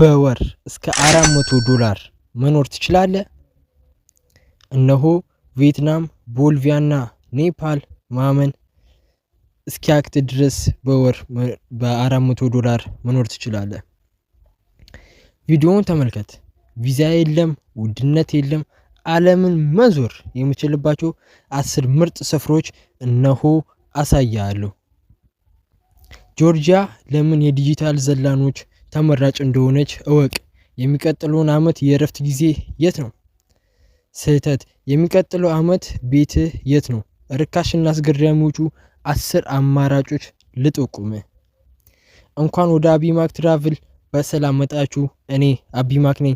በወር እስከ 400 ዶላር መኖር ትችላለህ። እነሆ ቪየትናም፣ ቦልቪያና ኔፓል ማመን እስኪያክት ድረስ በወር በ400 ዶላር መኖር ትችላለህ። ቪዲዮውን ተመልከት። ቪዛ የለም፣ ውድነት የለም። ዓለምን መዞር የምችልባቸው አስር ምርጥ ስፍሮች እነሆ አሳያለሁ። ጆርጂያ ለምን የዲጂታል ዘላኖች ተመራጭ እንደሆነች እወቅ። የሚቀጥለውን ዓመት የእረፍት ጊዜ የት ነው? ስህተት። የሚቀጥለው ዓመት ቤት የት ነው? ርካሽና አስገራሚዎቹ አስር አማራጮች ልጠቁም። እንኳን ወደ አቢማክ ትራቭል በሰላም መጣችሁ። እኔ አቢማክ ነኝ።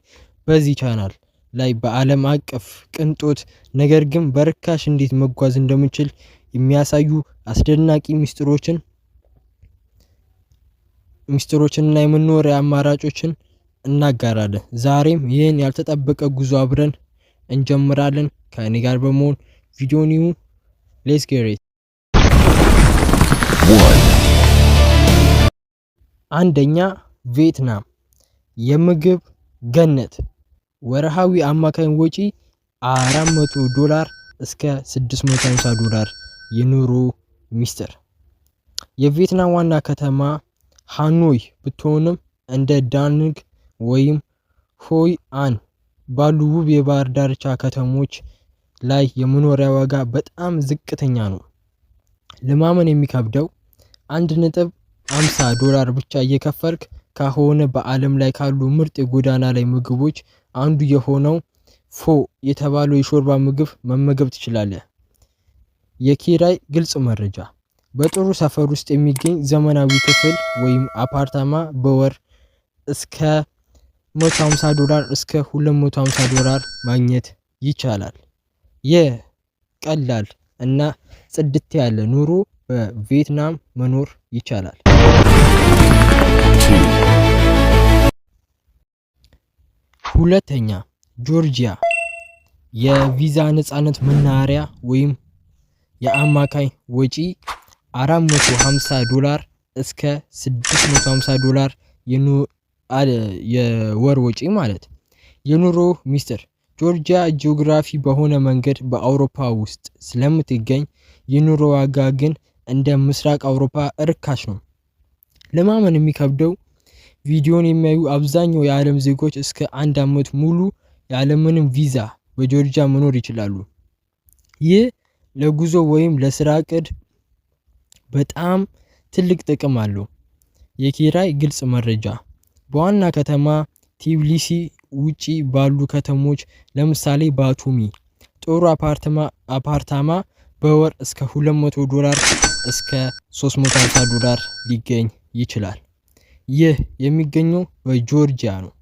በዚህ ቻናል ላይ በዓለም አቀፍ ቅንጦት ነገር ግን በርካሽ እንዴት መጓዝ እንደምችል የሚያሳዩ አስደናቂ ሚስጥሮችን ሚስጥሮችንና የመኖሪያ አማራጮችን እናጋራለን። ዛሬም ይህን ያልተጠበቀ ጉዞ አብረን እንጀምራለን። ከእኔ ጋር በመሆን ቪዲዮ ሌስ ጌሬት አንደኛ ቪየትናም የምግብ ገነት ወረሃዊ አማካኝ ወጪ 400 ዶላር እስከ 650 ዶላር የኑሮ ሚስጥር የቪየትናም ዋና ከተማ ሃኖይ ብትሆንም እንደ ዳንግ ወይም ሆይ አን ባሉ ውብ የባህር ዳርቻ ከተሞች ላይ የመኖሪያ ዋጋ በጣም ዝቅተኛ ነው። ለማመን የሚከብደው አንድ ነጥብ 50 ዶላር ብቻ እየከፈልክ ከሆነ በዓለም ላይ ካሉ ምርጥ የጎዳና ላይ ምግቦች አንዱ የሆነው ፎ የተባለው የሾርባ ምግብ መመገብ ትችላለህ። የኪራይ ግልጽ መረጃ በጥሩ ሰፈር ውስጥ የሚገኝ ዘመናዊ ክፍል ወይም አፓርታማ በወር እስከ 150 ዶላር እስከ 250 ዶላር ማግኘት ይቻላል። የቀላል እና ጽድት ያለ ኑሮ በቪየትናም መኖር ይቻላል። ሁለተኛ ጆርጂያ የቪዛ ነፃነት መናኸሪያ ወይም የአማካይ ወጪ 450 ዶላር እስከ 650 ዶላር የወር ወጪ ማለት። የኑሮ ሚስጥር ጆርጂያ ጂኦግራፊ በሆነ መንገድ በአውሮፓ ውስጥ ስለምትገኝ የኑሮ ዋጋ ግን እንደ ምስራቅ አውሮፓ እርካሽ ነው። ለማመን የሚከብደው ቪዲዮን የሚያዩ አብዛኛው የዓለም ዜጎች እስከ አንድ ዓመት ሙሉ ያለምንም ቪዛ በጆርጂያ መኖር ይችላሉ። ይህ ለጉዞ ወይም ለስራ እቅድ በጣም ትልቅ ጥቅም አለው። የኪራይ ግልጽ መረጃ በዋና ከተማ ቲቢሊሲ ውጪ ባሉ ከተሞች ለምሳሌ ባቱሚ ጥሩ አፓርታማ በወር እስከ 200 ዶላር እስከ 350 ዶላር ሊገኝ ይችላል። ይህ የሚገኘው በጆርጂያ ነው።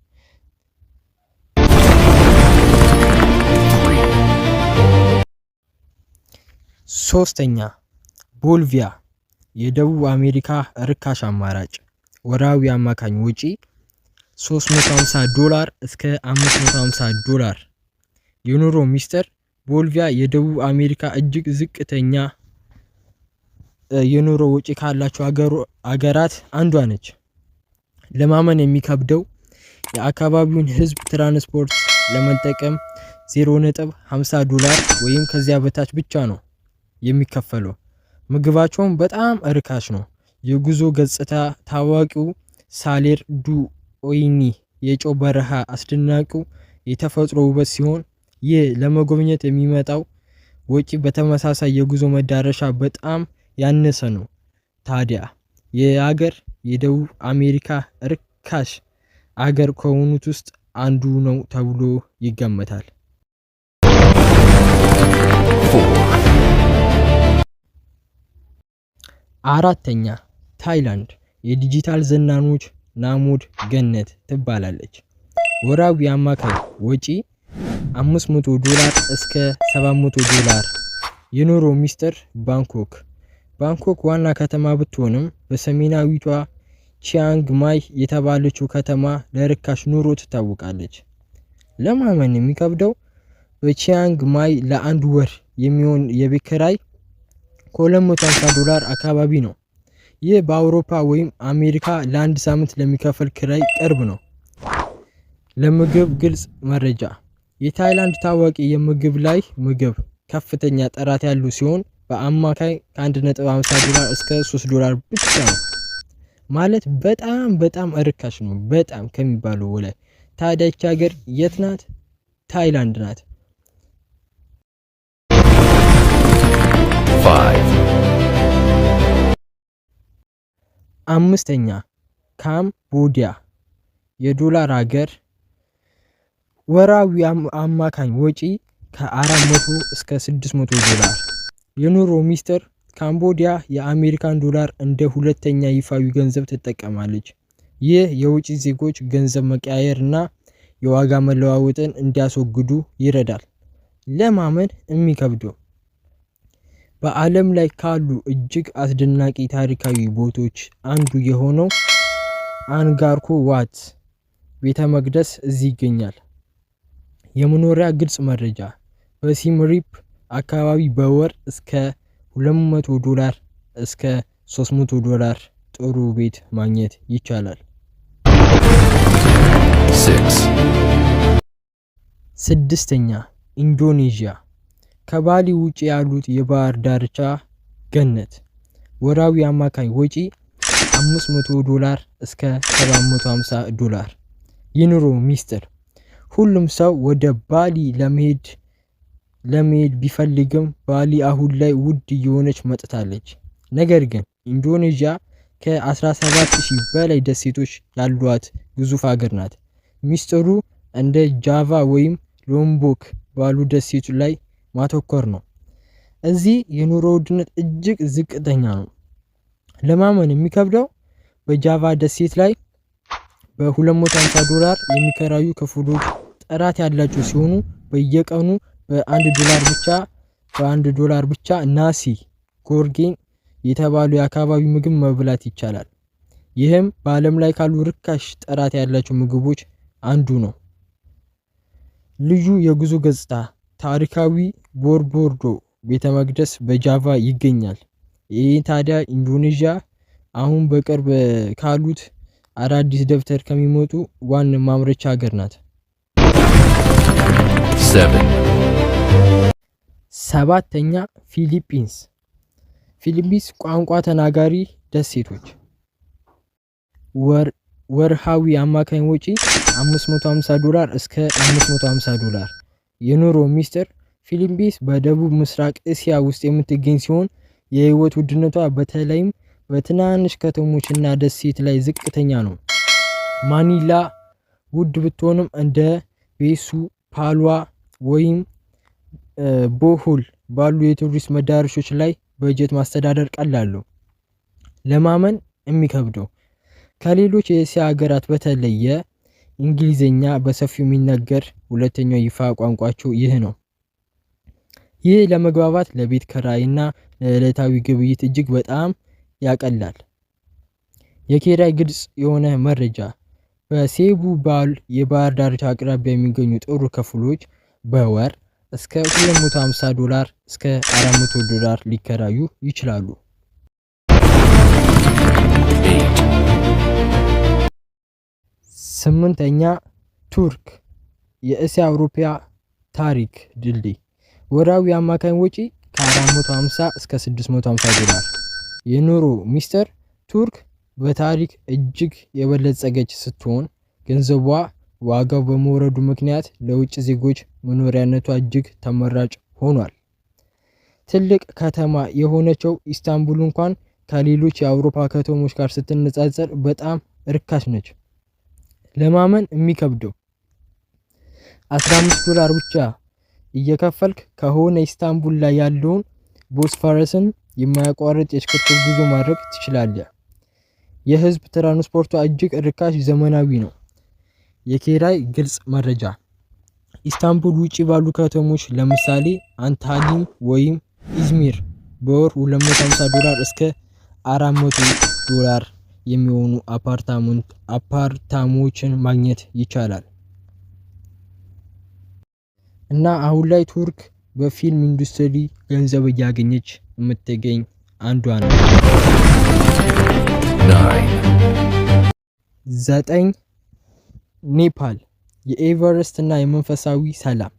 ሶስተኛ ቦልቪያ የደቡብ አሜሪካ ርካሽ አማራጭ ወራዊ አማካኝ ወጪ 350 ዶላር እስከ 550 ዶላር። የኑሮ ሚስጥር ቦሊቪያ የደቡብ አሜሪካ እጅግ ዝቅተኛ የኑሮ ወጪ ካላቸው አገራት አንዷ ነች። ለማመን የሚከብደው የአካባቢውን ሕዝብ ትራንስፖርት ለመጠቀም 0.50 ዶላር ወይም ከዚያ በታች ብቻ ነው የሚከፈለው። ምግባቸውም በጣም እርካሽ ነው። የጉዞ ገጽታ ታዋቂው ሳሌር ዱ ኦይኒ የጨው በረሃ አስደናቂው የተፈጥሮ ውበት ሲሆን ይህ ለመጎብኘት የሚመጣው ወጪ በተመሳሳይ የጉዞ መዳረሻ በጣም ያነሰ ነው። ታዲያ የአገር የደቡብ አሜሪካ ርካሽ አገር ከሆኑት ውስጥ አንዱ ነው ተብሎ ይገመታል። አራተኛ ታይላንድ የዲጂታል ዘናኖች ናሙድ ገነት ትባላለች። ወራዊ አማካይ ወጪ 500 ዶላር እስከ 700 ዶላር። የኑሮ ሚስጥር ባንኮክ ባንኮክ ዋና ከተማ ብትሆንም በሰሜናዊቷ ቺያንግ ማይ የተባለችው ከተማ ለርካሽ ኑሮ ትታወቃለች። ለማመን የሚከብደው በቺያንግ ማይ ለአንድ ወር የሚሆን የቤት ኪራይ ከ250 ዶላር አካባቢ ነው። ይህ በአውሮፓ ወይም አሜሪካ ለአንድ ሳምንት ለሚከፈል ክራይ ቅርብ ነው። ለምግብ ግልጽ መረጃ የታይላንድ ታዋቂ የምግብ ላይ ምግብ ከፍተኛ ጥራት ያሉ ሲሆን በአማካይ ከ1.50 ዶላር እስከ 3 ዶላር ብቻ ነው። ማለት በጣም በጣም እርካሽ ነው፣ በጣም ከሚባለው ላይ ታዲያች ሀገር የት ናት? ታይላንድ ናት። አምስተኛ ካምቦዲያ የዶላር ሀገር ወራዊ አማካኝ ወጪ ከ400 እስከ 600 ዶላር። የኑሮ ሚስጥር ካምቦዲያ የአሜሪካን ዶላር እንደ ሁለተኛ ይፋዊ ገንዘብ ትጠቀማለች። ይህ የውጭ ዜጎች ገንዘብ መቀያየር እና የዋጋ መለዋወጥን እንዲያስወግዱ ይረዳል። ለማመን የሚከብደው በዓለም ላይ ካሉ እጅግ አስደናቂ ታሪካዊ ቦታዎች አንዱ የሆነው አንጋርኮ ዋት ቤተ መቅደስ እዚህ ይገኛል። የመኖሪያ ግልጽ መረጃ በሲምሪፕ አካባቢ በወር እስከ 200 ዶላር እስከ 300 ዶላር ጥሩ ቤት ማግኘት ይቻላል። ስድስተኛ ኢንዶኔዥያ ከባሊ ውጪ ያሉት የባህር ዳርቻ ገነት ወራዊ አማካኝ ወጪ 500 ዶላር እስከ 750 ዶላር። የኑሮ ሚስጥር ሁሉም ሰው ወደ ባሊ ለመሄድ ለመሄድ ቢፈልግም ባሊ አሁን ላይ ውድ እየሆነች መጥታለች። ነገር ግን ኢንዶኔዥያ ከ17000 በላይ ደሴቶች ያሏት ግዙፍ ሀገር ናት። ሚስጥሩ እንደ ጃቫ ወይም ሎምቦክ ባሉ ደሴቶች ላይ ማተኮር ነው። እዚህ የኑሮ ውድነት እጅግ ዝቅተኛ ነው። ለማመን የሚከብደው በጃቫ ደሴት ላይ በ250 ዶላር የሚከራዩ ክፍሎች ጥራት ያላቸው ሲሆኑ በየቀኑ በአንድ ዶላር ብቻ በአንድ ዶላር ብቻ ናሲ ጎርጌን የተባሉ የአካባቢ ምግብ መብላት ይቻላል። ይህም በዓለም ላይ ካሉ ርካሽ ጥራት ያላቸው ምግቦች አንዱ ነው። ልዩ የጉዞ ገጽታ ታሪካዊ ቦርቦርዶ ቤተ መቅደስ በጃቫ ይገኛል። ይህ ታዲያ ኢንዶኔዥያ አሁን በቅርብ ካሉት አዳዲስ ደብተር ከሚመጡ ዋን ማምረቻ ሀገር ናት። ሰባተኛ ፊሊፒንስ። ፊሊፒንስ ቋንቋ ተናጋሪ ደሴቶች ወርሃዊ አማካኝ ወጪ 550 ዶላር እስከ 550 ዶላር የኑሮ ሚስጥር ፊሊፒንስ በደቡብ ምስራቅ እስያ ውስጥ የምትገኝ ሲሆን የህይወት ውድነቷ በተለይም በትናንሽ ከተሞችና ደሴት ላይ ዝቅተኛ ነው። ማኒላ ውድ ብትሆንም እንደ ቤሱ፣ ፓልዋ ወይም ቦሆል ባሉ የቱሪስት መዳረሾች ላይ በጀት ማስተዳደር ቀላሉ ለማመን የሚከብደው ከሌሎች የእስያ ሀገራት በተለየ እንግሊዝኛ በሰፊው የሚነገር ሁለተኛው ይፋ ቋንቋቸው ይህ ነው። ይህ ለመግባባት ለቤት ከራይና ለዕለታዊ ግብይት እጅግ በጣም ያቀላል። የኪራይ ግልጽ የሆነ መረጃ በሴቡ ባል የባህር ዳርቻ አቅራቢያ የሚገኙ ጥሩ ክፍሎች በወር እስከ 250 ዶላር እስከ 400 ዶላር ሊከራዩ ይችላሉ። ስምንተኛ ቱርክ የእስያ አውሮፓ ታሪክ ድልድይ ወራዊ አማካኝ ወጪ ከ450 እስከ 650 ዶላር። የኑሮ ሚስጥር ቱርክ በታሪክ እጅግ የበለጸገች ስትሆን ገንዘቧ ዋጋው በመውረዱ ምክንያት ለውጭ ዜጎች መኖሪያነቷ እጅግ ተመራጭ ሆኗል። ትልቅ ከተማ የሆነችው ኢስታንቡል እንኳን ከሌሎች የአውሮፓ ከተሞች ጋር ስትነጻጸር በጣም እርካሽ ነች። ለማመን የሚከብደው 15 ዶላር ብቻ እየከፈልክ ከሆነ ኢስታንቡል ላይ ያለውን ቦስፈረስን የማያቋርጥ የሽክርክር ጉዞ ማድረግ ትችላለህ። የህዝብ ትራንስፖርቱ እጅግ ርካሽ፣ ዘመናዊ ነው። የኪራይ ግልጽ መረጃ ኢስታንቡል ውጪ ባሉ ከተሞች ለምሳሌ አንታሊም ወይም ኢዝሚር በወር 250 ዶላር እስከ 400 ዶላር የሚሆኑ አፓርታሞችን ማግኘት ይቻላል። እና አሁን ላይ ቱርክ በፊልም ኢንዱስትሪ ገንዘብ እያገኘች የምትገኝ አንዷ ነው። ዘጠኝ ኔፓል የኤቨረስት እና የመንፈሳዊ ሰላም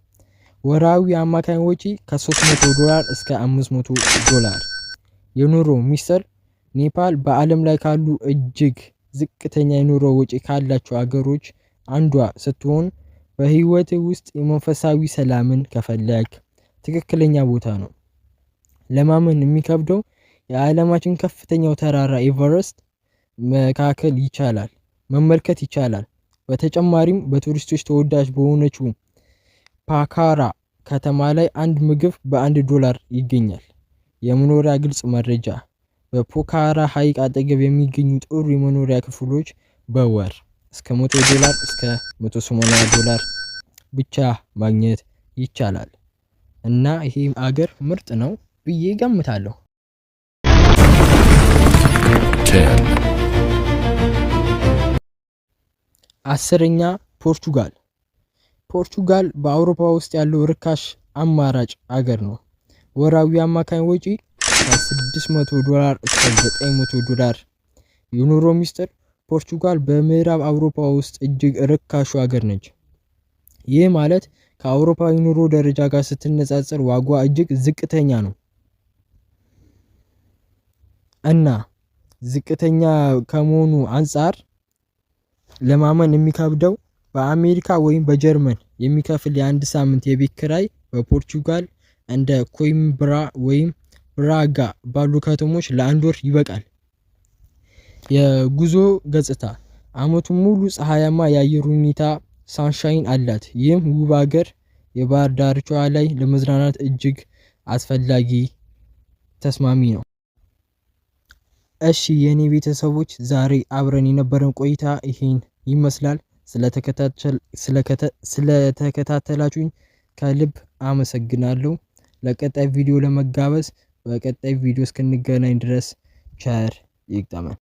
ወራዊ አማካኝ ወጪ ከ300 ዶላር እስከ 500 ዶላር የኑሮ ሚስጥር ኔፓል በዓለም ላይ ካሉ እጅግ ዝቅተኛ የኑሮ ወጪ ካላቸው አገሮች አንዷ ስትሆን በህይወት ውስጥ የመንፈሳዊ ሰላምን ከፈለግ ትክክለኛ ቦታ ነው። ለማመን የሚከብደው የዓለማችን ከፍተኛው ተራራ ኤቨረስት መካከል ይቻላል መመልከት ይቻላል። በተጨማሪም በቱሪስቶች ተወዳጅ በሆነችው ፓካራ ከተማ ላይ አንድ ምግብ በአንድ ዶላር ይገኛል። የመኖሪያ ግልጽ መረጃ በፖካራ ሐይቅ አጠገብ የሚገኙ ጥሩ የመኖሪያ ክፍሎች በወር እስከ 100 ዶላር እስከ 180 ዶላር ብቻ ማግኘት ይቻላል እና ይሄ አገር ምርጥ ነው ብዬ ገምታለሁ። አስረኛ ፖርቹጋል። ፖርቹጋል በአውሮፓ ውስጥ ያለው ርካሽ አማራጭ አገር ነው። ወራዊ አማካኝ ወጪ ከ600 ዶላር እስከ 900 ዶላር። የኑሮ ሚስጥር፣ ፖርቹጋል በምዕራብ አውሮፓ ውስጥ እጅግ ርካሹ ሀገር ነች። ይህ ማለት ከአውሮፓ የኑሮ ደረጃ ጋር ስትነጻጸር ዋጓ እጅግ ዝቅተኛ ነው እና ዝቅተኛ ከመሆኑ አንጻር ለማመን የሚከብደው በአሜሪካ ወይም በጀርመን የሚከፍል የአንድ ሳምንት የቤት ኪራይ በፖርቹጋል እንደ ኮይምብራ ወይም ራጋ ባሉ ከተሞች ለአንድ ወር ይበቃል። የጉዞ ገጽታ አመቱን ሙሉ ፀሐያማ የአየር ሁኔታ ሳንሻይን አላት። ይህም ውብ ሀገር የባህር ዳርቻዋ ላይ ለመዝናናት እጅግ አስፈላጊ ተስማሚ ነው። እሺ የእኔ ቤተሰቦች ዛሬ አብረን የነበረን ቆይታ ይሄን ይመስላል። ስለተከታተላችሁኝ ከልብ አመሰግናለሁ። ለቀጣይ ቪዲዮ ለመጋበዝ በቀጣይ ቪዲዮ እስክንገናኝ ድረስ ቸር ይግጠመን።